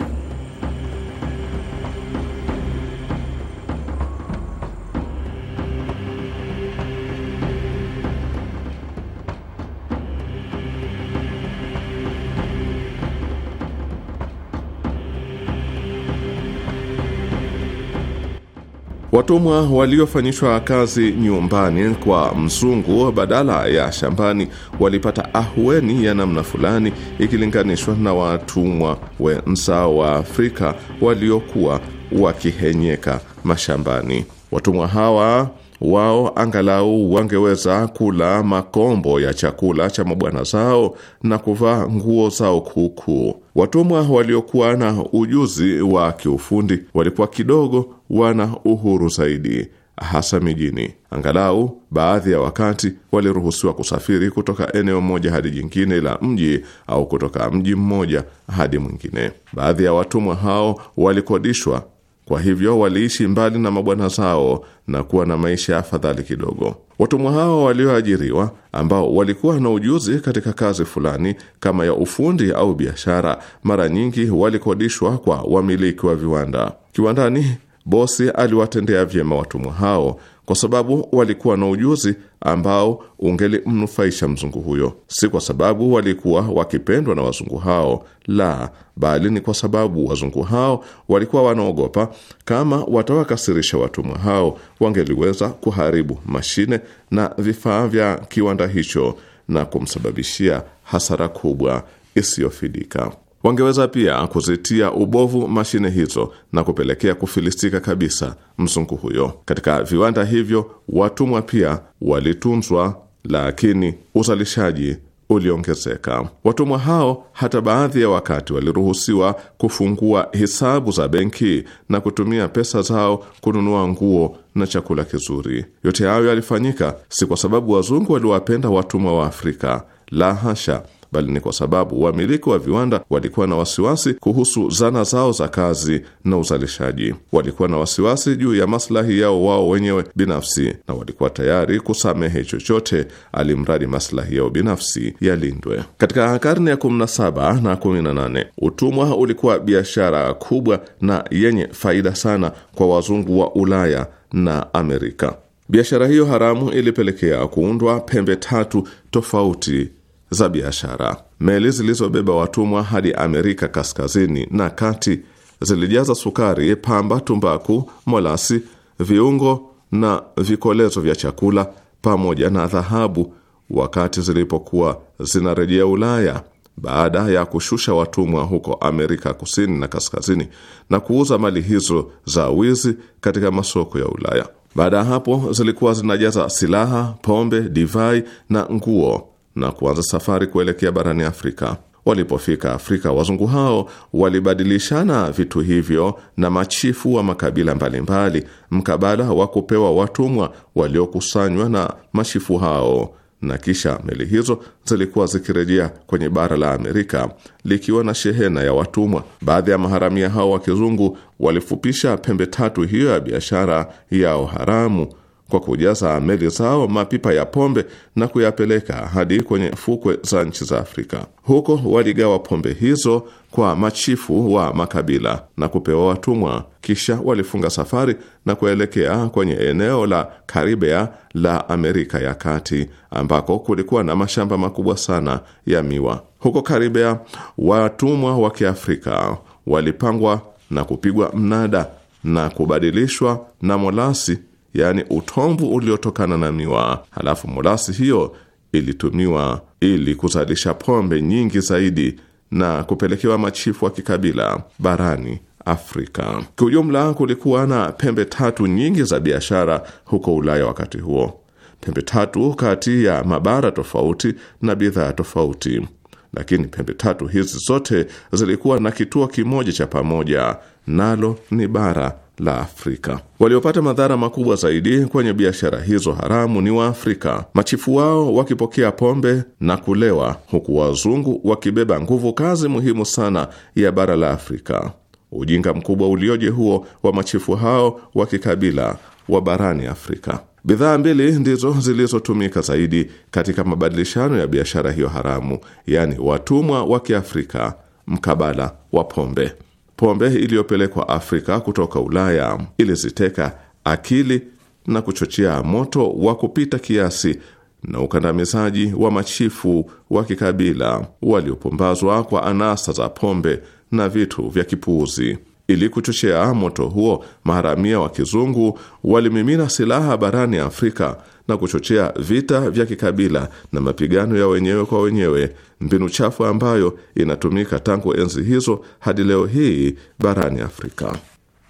Watumwa waliofanyishwa kazi nyumbani kwa mzungu badala ya shambani walipata ahueni ya namna fulani ikilinganishwa na watumwa wenzao wa Afrika waliokuwa wakihenyeka mashambani. Watumwa hawa wao angalau wangeweza kula makombo ya chakula cha mabwana zao na kuvaa nguo zao kuukuu. Watumwa waliokuwa na ujuzi wa kiufundi walikuwa kidogo wana uhuru zaidi, hasa mijini. Angalau baadhi ya wakati waliruhusiwa kusafiri kutoka eneo moja hadi jingine la mji au kutoka mji mmoja hadi mwingine. Baadhi ya watumwa hao walikodishwa kwa hivyo waliishi mbali na mabwana zao na kuwa na maisha afadhali kidogo. Watumwa hao walioajiriwa, ambao walikuwa na ujuzi katika kazi fulani kama ya ufundi au biashara, mara nyingi walikodishwa kwa wamiliki wa viwanda. Kiwandani, bosi aliwatendea vyema watumwa hao kwa sababu walikuwa na ujuzi ambao ungelimnufaisha mzungu huyo, si kwa sababu walikuwa wakipendwa na wazungu hao, la, bali ni kwa sababu wazungu hao walikuwa wanaogopa kama watawakasirisha watumwa hao, wangeliweza kuharibu mashine na vifaa vya kiwanda hicho na kumsababishia hasara kubwa isiyofidika. Wangeweza pia kuzitia ubovu mashine hizo na kupelekea kufilisika kabisa mzungu huyo. Katika viwanda hivyo watumwa pia walitunzwa, lakini uzalishaji uliongezeka. Watumwa hao hata baadhi ya wakati waliruhusiwa kufungua hisabu za benki na kutumia pesa zao kununua nguo na chakula kizuri. Yote hayo yalifanyika si kwa sababu wazungu waliwapenda watumwa wa Afrika, la hasha bali ni kwa sababu wamiliki wa viwanda walikuwa na wasiwasi kuhusu zana zao za kazi na uzalishaji. Walikuwa na wasiwasi juu ya maslahi yao wao wenyewe binafsi, na walikuwa tayari kusamehe chochote alimradi maslahi yao binafsi yalindwe. Katika karne ya 17 na 18, utumwa ulikuwa biashara kubwa na yenye faida sana kwa wazungu wa Ulaya na Amerika. Biashara hiyo haramu ilipelekea kuundwa pembe tatu tofauti za biashara. Meli zilizobeba watumwa hadi Amerika kaskazini na kati zilijaza sukari, pamba, tumbaku, molasi, viungo na vikolezo vya chakula pamoja na dhahabu, wakati zilipokuwa zinarejea Ulaya baada ya kushusha watumwa huko Amerika kusini na kaskazini na kuuza mali hizo za wizi katika masoko ya Ulaya. Baada ya hapo zilikuwa zinajaza silaha, pombe, divai na nguo na kuanza safari kuelekea barani Afrika. Walipofika Afrika, wazungu hao walibadilishana vitu hivyo na machifu wa makabila mbalimbali mkabala wa kupewa watumwa waliokusanywa na machifu hao, na kisha meli hizo zilikuwa zikirejea kwenye bara la Amerika likiwa na shehena ya watumwa. Baadhi ya maharamia hao wa kizungu walifupisha pembe tatu hiyo ya biashara yao haramu kwa kujaza meli zao mapipa ya pombe na kuyapeleka hadi kwenye fukwe za nchi za Afrika. Huko waligawa pombe hizo kwa machifu wa makabila na kupewa watumwa, kisha walifunga safari na kuelekea kwenye eneo la Karibea la Amerika ya Kati, ambako kulikuwa na mashamba makubwa sana ya miwa. Huko Karibea, watumwa wa Kiafrika walipangwa na kupigwa mnada na kubadilishwa na molasi yaani utomvu uliotokana na miwa. Halafu molasi hiyo ilitumiwa ili kuzalisha pombe nyingi zaidi na kupelekewa machifu wa kikabila barani Afrika. Kiujumla, kulikuwa na pembe tatu nyingi za biashara huko Ulaya wakati huo, pembe tatu kati ya mabara tofauti na bidhaa tofauti, lakini pembe tatu hizi zote zilikuwa na kituo kimoja cha pamoja, nalo ni bara la Afrika. Waliopata madhara makubwa zaidi kwenye biashara hizo haramu ni Waafrika, machifu wao wakipokea pombe na kulewa, huku wazungu wakibeba nguvu kazi muhimu sana ya bara la Afrika. Ujinga mkubwa ulioje huo wa machifu hao wa kikabila wa barani Afrika. Bidhaa mbili ndizo zilizotumika zaidi katika mabadilishano ya biashara hiyo haramu, yaani watumwa wa Kiafrika mkabala wa pombe. Pombe iliyopelekwa Afrika kutoka Ulaya iliziteka akili na kuchochea moto wa kupita kiasi na ukandamizaji wa machifu wa kikabila waliopombazwa kwa anasa za pombe na vitu vya kipuuzi. Ili kuchochea moto huo, maharamia wa kizungu walimimina silaha barani Afrika na kuchochea vita vya kikabila na mapigano ya wenyewe kwa wenyewe, mbinu chafu ambayo inatumika tangu enzi hizo hadi leo hii barani Afrika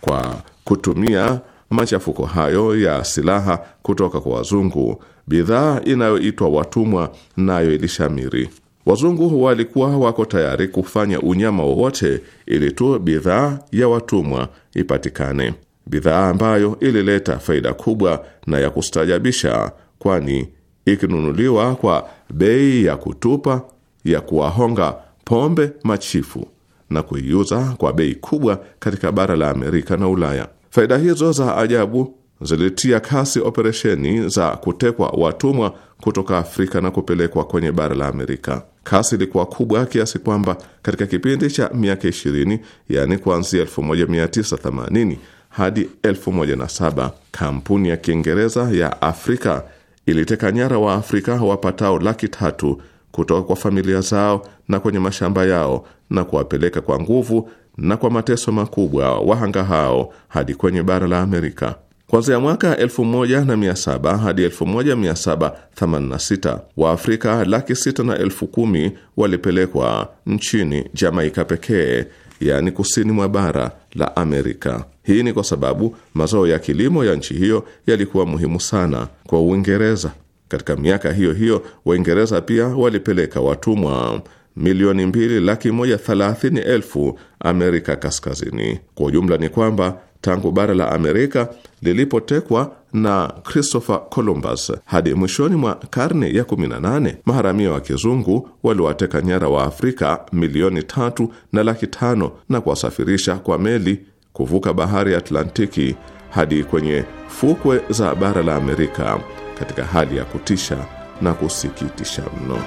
kwa kutumia machafuko hayo ya silaha kutoka kwa wazungu, bidhaa inayoitwa watumwa nayo ilishamiri. Wazungu walikuwa wako tayari kufanya unyama wowote ili tu bidhaa ya watumwa ipatikane bidhaa ambayo ilileta faida kubwa na ya kustajabisha kwani ikinunuliwa kwa bei ya kutupa ya kuwahonga pombe machifu na kuiuza kwa bei kubwa katika bara la Amerika na Ulaya. Faida hizo za ajabu zilitia kasi operesheni za kutekwa watumwa kutoka Afrika na kupelekwa kwenye bara la Amerika. Kasi ilikuwa kubwa kiasi kwamba katika kipindi cha miaka 20 yaani kuanzia 1980 hadi 1007. Kampuni ya Kiingereza ya Afrika iliteka nyara wa Afrika wapatao laki tatu kutoka kwa familia zao na kwenye mashamba yao na kuwapeleka kwa nguvu na kwa mateso makubwa wahanga hao hadi kwenye bara la Amerika. Kwanza ya mwaka 1700 hadi 1786 Waafrika laki sita na elfu kumi walipelekwa nchini Jamaika pekee, yaani kusini mwa bara la Amerika. Hii ni kwa sababu mazao ya kilimo ya nchi hiyo yalikuwa muhimu sana kwa Uingereza. Katika miaka hiyo hiyo, Waingereza pia walipeleka watumwa milioni mbili laki moja thelathini elfu Amerika Kaskazini. Kwa ujumla ni kwamba tangu bara la Amerika lilipotekwa na Christopher Columbus hadi mwishoni mwa karne ya 18, maharamia wa kizungu waliwateka nyara wa Afrika milioni tatu na laki tano na kuwasafirisha kwa meli kuvuka bahari ya Atlantiki hadi kwenye fukwe za bara la Amerika katika hali ya kutisha na kusikitisha mno.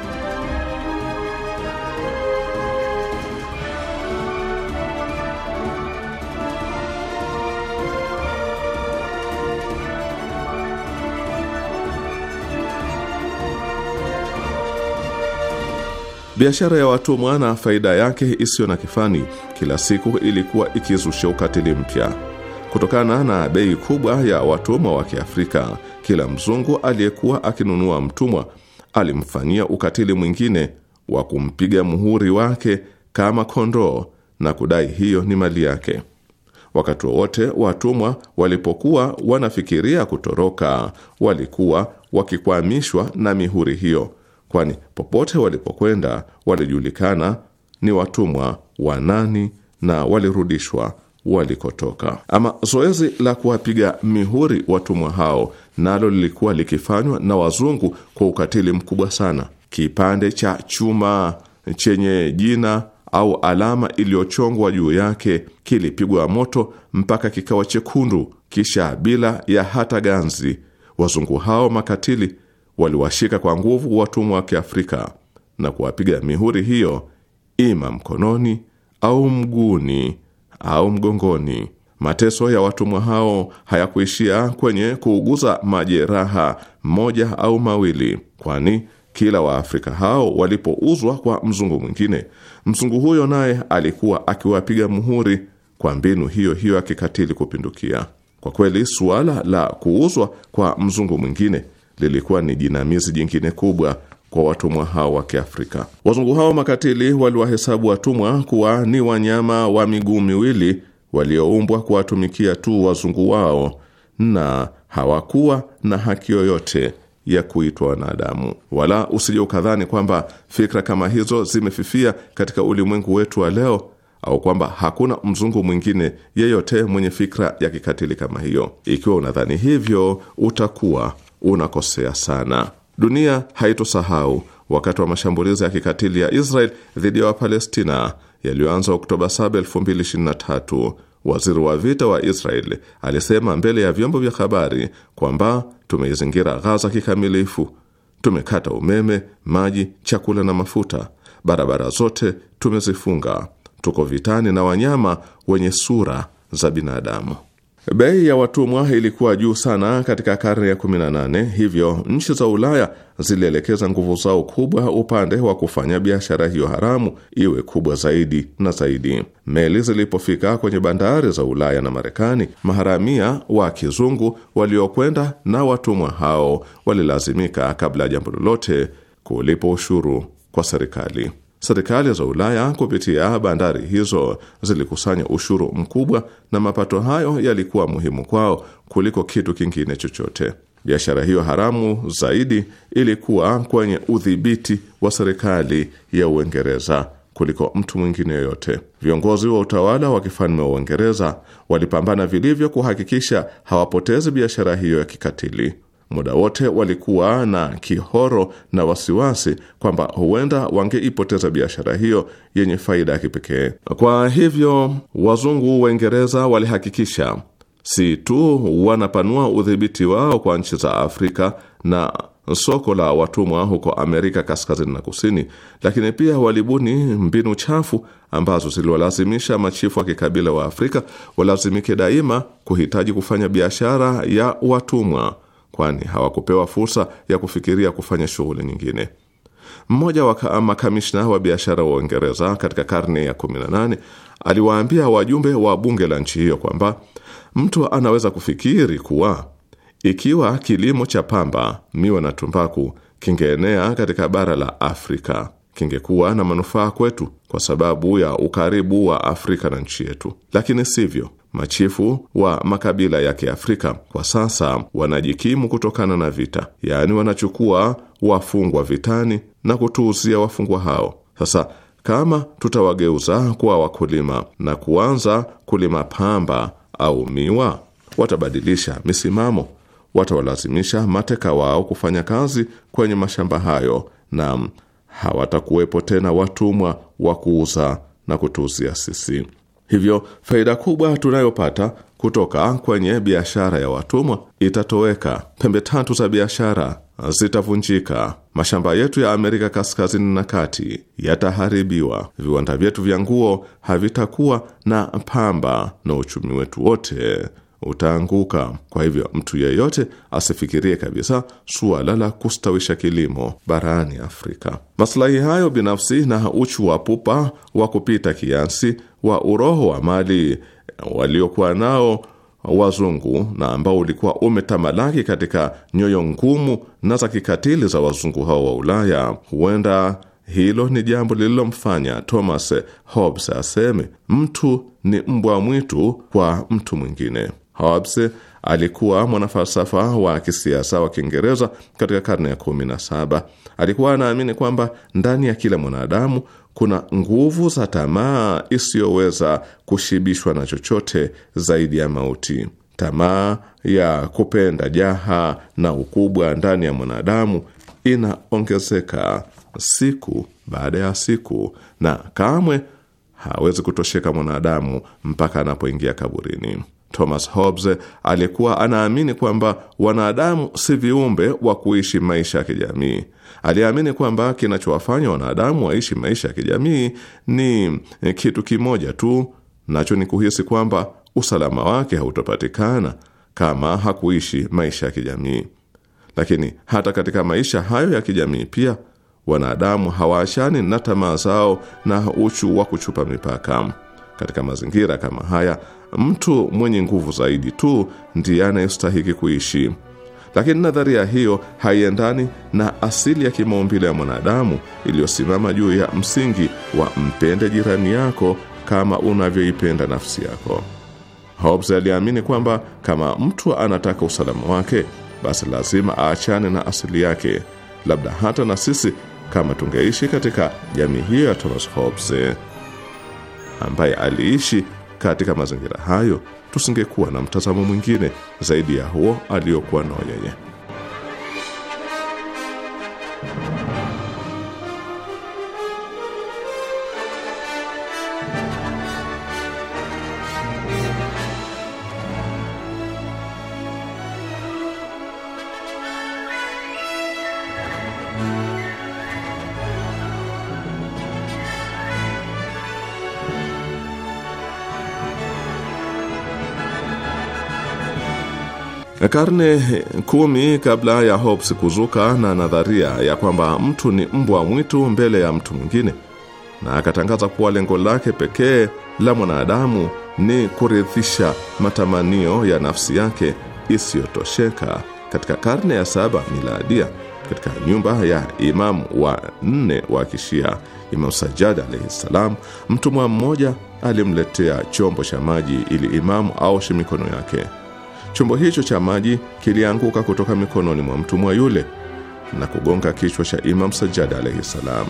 Biashara ya watumwa na faida yake isiyo na kifani kila siku ilikuwa ikizusha ukatili mpya. Kutokana na bei kubwa ya watumwa wa Kiafrika, kila mzungu aliyekuwa akinunua mtumwa alimfanyia ukatili mwingine wa kumpiga muhuri wake kama kondoo na kudai hiyo ni mali yake. Wakati wowote watumwa walipokuwa wanafikiria kutoroka, walikuwa wakikwamishwa na mihuri hiyo kwani popote walipokwenda walijulikana ni watumwa wa nani na walirudishwa walikotoka. Ama zoezi la kuwapiga mihuri watumwa hao nalo lilikuwa likifanywa na wazungu kwa ukatili mkubwa sana. Kipande cha chuma chenye jina au alama iliyochongwa juu yake kilipigwa moto mpaka kikawa chekundu, kisha bila ya hata ganzi wazungu hao makatili waliwashika kwa nguvu watumwa wa Kiafrika na kuwapiga mihuri hiyo ima mkononi au mguuni au mgongoni. Mateso ya watumwa hao hayakuishia kwenye kuuguza majeraha moja au mawili, kwani kila Waafrika hao walipouzwa kwa mzungu mwingine, mzungu huyo naye alikuwa akiwapiga muhuri kwa mbinu hiyo hiyo ya kikatili kupindukia. Kwa kweli, suala la kuuzwa kwa mzungu mwingine lilikuwa ni jinamizi jingine kubwa kwa watumwa hao wa Kiafrika. Wazungu hao makatili waliwahesabu watumwa kuwa ni wanyama wa miguu miwili walioumbwa kuwatumikia tu wazungu wao na hawakuwa na haki yoyote ya kuitwa wanadamu. Wala usije ukadhani kwamba fikra kama hizo zimefifia katika ulimwengu wetu wa leo au kwamba hakuna mzungu mwingine yeyote mwenye fikra ya kikatili kama hiyo. Ikiwa unadhani hivyo, utakuwa unakosea sana. Dunia haitosahau wakati wa mashambulizi ya kikatili ya Israel dhidi ya Wapalestina yaliyoanza Oktoba 7, 2023. Waziri wa vita wa Israel alisema mbele ya vyombo vya habari kwamba tumeizingira Ghaza kikamilifu, tumekata umeme, maji, chakula na mafuta, barabara zote tumezifunga, tuko vitani na wanyama wenye sura za binadamu. Bei ya watumwa ilikuwa juu sana katika karne ya 18, hivyo nchi za Ulaya zilielekeza nguvu zao kubwa upande wa kufanya biashara hiyo haramu iwe kubwa zaidi na zaidi. Meli zilipofika kwenye bandari za Ulaya na Marekani, maharamia wa kizungu waliokwenda na watumwa hao walilazimika kabla ya jambo lolote kulipa ushuru kwa serikali. Serikali za Ulaya kupitia bandari hizo zilikusanya ushuru mkubwa, na mapato hayo yalikuwa muhimu kwao kuliko kitu kingine chochote. Biashara hiyo haramu zaidi ilikuwa kwenye udhibiti wa serikali ya Uingereza kuliko mtu mwingine yoyote. Viongozi wa utawala wa kifalme wa Uingereza walipambana vilivyo kuhakikisha hawapotezi biashara hiyo ya kikatili. Muda wote walikuwa na kihoro na wasiwasi kwamba huenda wangeipoteza biashara hiyo yenye faida ya kipekee. Kwa hivyo, wazungu Waingereza walihakikisha si tu wanapanua udhibiti wao kwa nchi za Afrika na soko la watumwa huko Amerika kaskazini na kusini, lakini pia walibuni mbinu chafu ambazo ziliwalazimisha machifu wa kikabila wa Afrika walazimike daima kuhitaji kufanya biashara ya watumwa kwani hawakupewa fursa ya kufikiria kufanya shughuli nyingine. Mmoja wa makamishna wa biashara wa Uingereza katika karne ya 18 aliwaambia wajumbe wa bunge la nchi hiyo kwamba mtu anaweza kufikiri kuwa ikiwa kilimo cha pamba, miwa na tumbaku kingeenea katika bara la Afrika kingekuwa na manufaa kwetu kwa sababu ya ukaribu wa Afrika na nchi yetu, lakini sivyo machifu wa makabila ya Kiafrika kwa sasa wanajikimu kutokana na vita, yaani wanachukua wafungwa vitani na kutuuzia wafungwa hao. Sasa kama tutawageuza kuwa wakulima na kuanza kulima pamba au miwa, watabadilisha misimamo, watawalazimisha mateka wao kufanya kazi kwenye mashamba hayo na hawatakuwepo tena watumwa wa kuuza na kutuuzia sisi. Hivyo faida kubwa tunayopata kutoka kwenye biashara ya watumwa itatoweka. Pembe tatu za biashara zitavunjika. Mashamba yetu ya Amerika kaskazini na kati yataharibiwa. Viwanda vyetu vya nguo havitakuwa na pamba, na uchumi wetu wote utaanguka. Kwa hivyo mtu yeyote asifikirie kabisa suala la kustawisha kilimo barani Afrika. Maslahi hayo binafsi na uchu wa pupa wa kupita kiasi wa uroho wa mali waliokuwa nao wazungu na ambao ulikuwa umetamalaki katika nyoyo ngumu na za kikatili za wazungu hao wa Ulaya. Huenda hilo ni jambo lililomfanya Thomas Hobbes aseme mtu ni mbwa mwitu kwa mtu mwingine. Hobbes alikuwa mwanafalsafa wa kisiasa wa Kiingereza katika karne ya kumi na saba. Alikuwa anaamini kwamba ndani ya kila mwanadamu kuna nguvu za tamaa isiyoweza kushibishwa na chochote zaidi ya mauti. Tamaa ya kupenda jaha na ukubwa ndani ya mwanadamu inaongezeka siku baada ya siku, na kamwe hawezi kutosheka mwanadamu mpaka anapoingia kaburini. Thomas Hobbes alikuwa anaamini kwamba wanadamu si viumbe wa kuishi maisha ya kijamii. Aliamini kwamba kinachowafanya wanadamu waishi maisha ya kijamii ni kitu kimoja tu, nacho ni kuhisi kwamba usalama wake hautopatikana kama hakuishi maisha ya kijamii. Lakini hata katika maisha hayo ya kijamii pia wanadamu hawaachani na tamaa zao na uchu wa kuchupa mipaka. Katika mazingira kama haya, mtu mwenye nguvu zaidi tu ndiye anayestahiki kuishi. Lakini nadharia hiyo haiendani na asili ya kimaumbile ya mwanadamu iliyosimama juu ya msingi wa mpende jirani yako kama unavyoipenda nafsi yako. Hobbes aliamini kwamba kama mtu anataka usalama wake, basi lazima aachane na asili yake. Labda hata na sisi kama tungeishi katika jamii hiyo ya Thomas Hobbes ambaye aliishi katika mazingira hayo, tusingekuwa na mtazamo mwingine zaidi ya huo aliyokuwa nao yeye. Karne kumi kabla ya Hobbes kuzuka na nadharia ya kwamba mtu ni mbwa mwitu mbele ya mtu mwingine, na akatangaza kuwa lengo lake pekee la mwanadamu ni kuridhisha matamanio ya nafsi yake isiyotosheka. Katika karne ya saba miladia, katika nyumba ya imamu wa nne wa Kishia, Imam Sajjad alaihi ssalam, mtumwa mmoja alimletea chombo cha maji ili imamu aoshe mikono yake. Chombo hicho cha maji kilianguka kutoka mikononi mwa mtumwa yule na kugonga kichwa cha Imam Sajjad alayhi salam.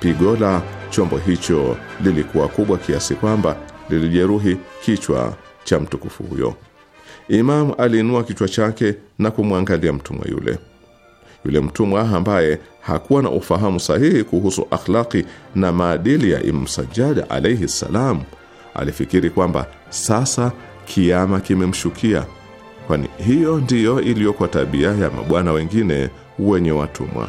Pigo la chombo hicho lilikuwa kubwa kiasi kwamba lilijeruhi kichwa cha mtukufu huyo. Imam aliinua kichwa chake na kumwangalia mtumwa yule. Yule mtumwa ambaye hakuwa na ufahamu sahihi kuhusu akhlaki na maadili ya Imam Sajjad alayhi salam alifikiri kwamba sasa kiama kimemshukia, kwani hiyo ndiyo iliyokuwa tabia ya mabwana wengine wenye watumwa.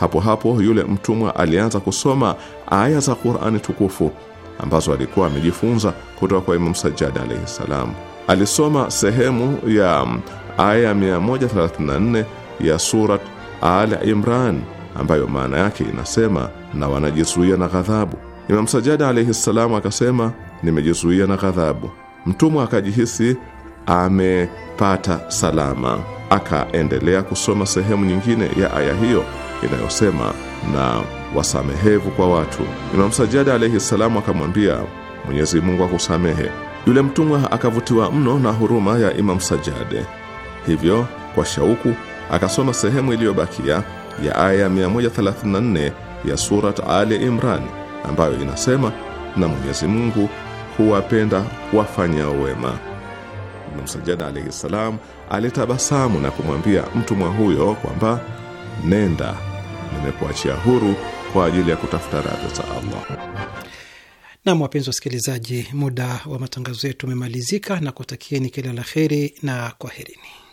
Hapo hapo yule mtumwa alianza kusoma aya za Qur'ani tukufu ambazo alikuwa amejifunza kutoka kwa Imam Sajjad alaihi salam. Alisoma sehemu ya mm, aya 134 ya surat Al Imran ambayo maana yake inasema, na wanajizuia na ghadhabu. Imam Sajjad alaihi salam akasema, nimejizuia na ghadhabu. Mtumwa akajihisi amepata salama. Akaendelea kusoma sehemu nyingine ya aya hiyo inayosema, na wasamehevu kwa watu. Imam Sajjad alaihi salamu akamwambia, Mwenyezi Mungu akusamehe. Yule mtumwa akavutiwa mno na huruma ya Imam sajade hivyo kwa shauku akasoma sehemu iliyobakia ya aya 134 ya Surat Ali Imran ambayo inasema, na Mwenyezi Mungu huwapenda wafanyao wema. Na Msajjada alaihi salam alitabasamu na kumwambia mtumwa huyo kwamba nenda, nimekuachia huru kwa ajili ya kutafuta radhi za Allah. Nam, wapenzi wasikilizaji, muda wa matangazo yetu umemalizika, na kutakieni kila la kheri na kwaherini.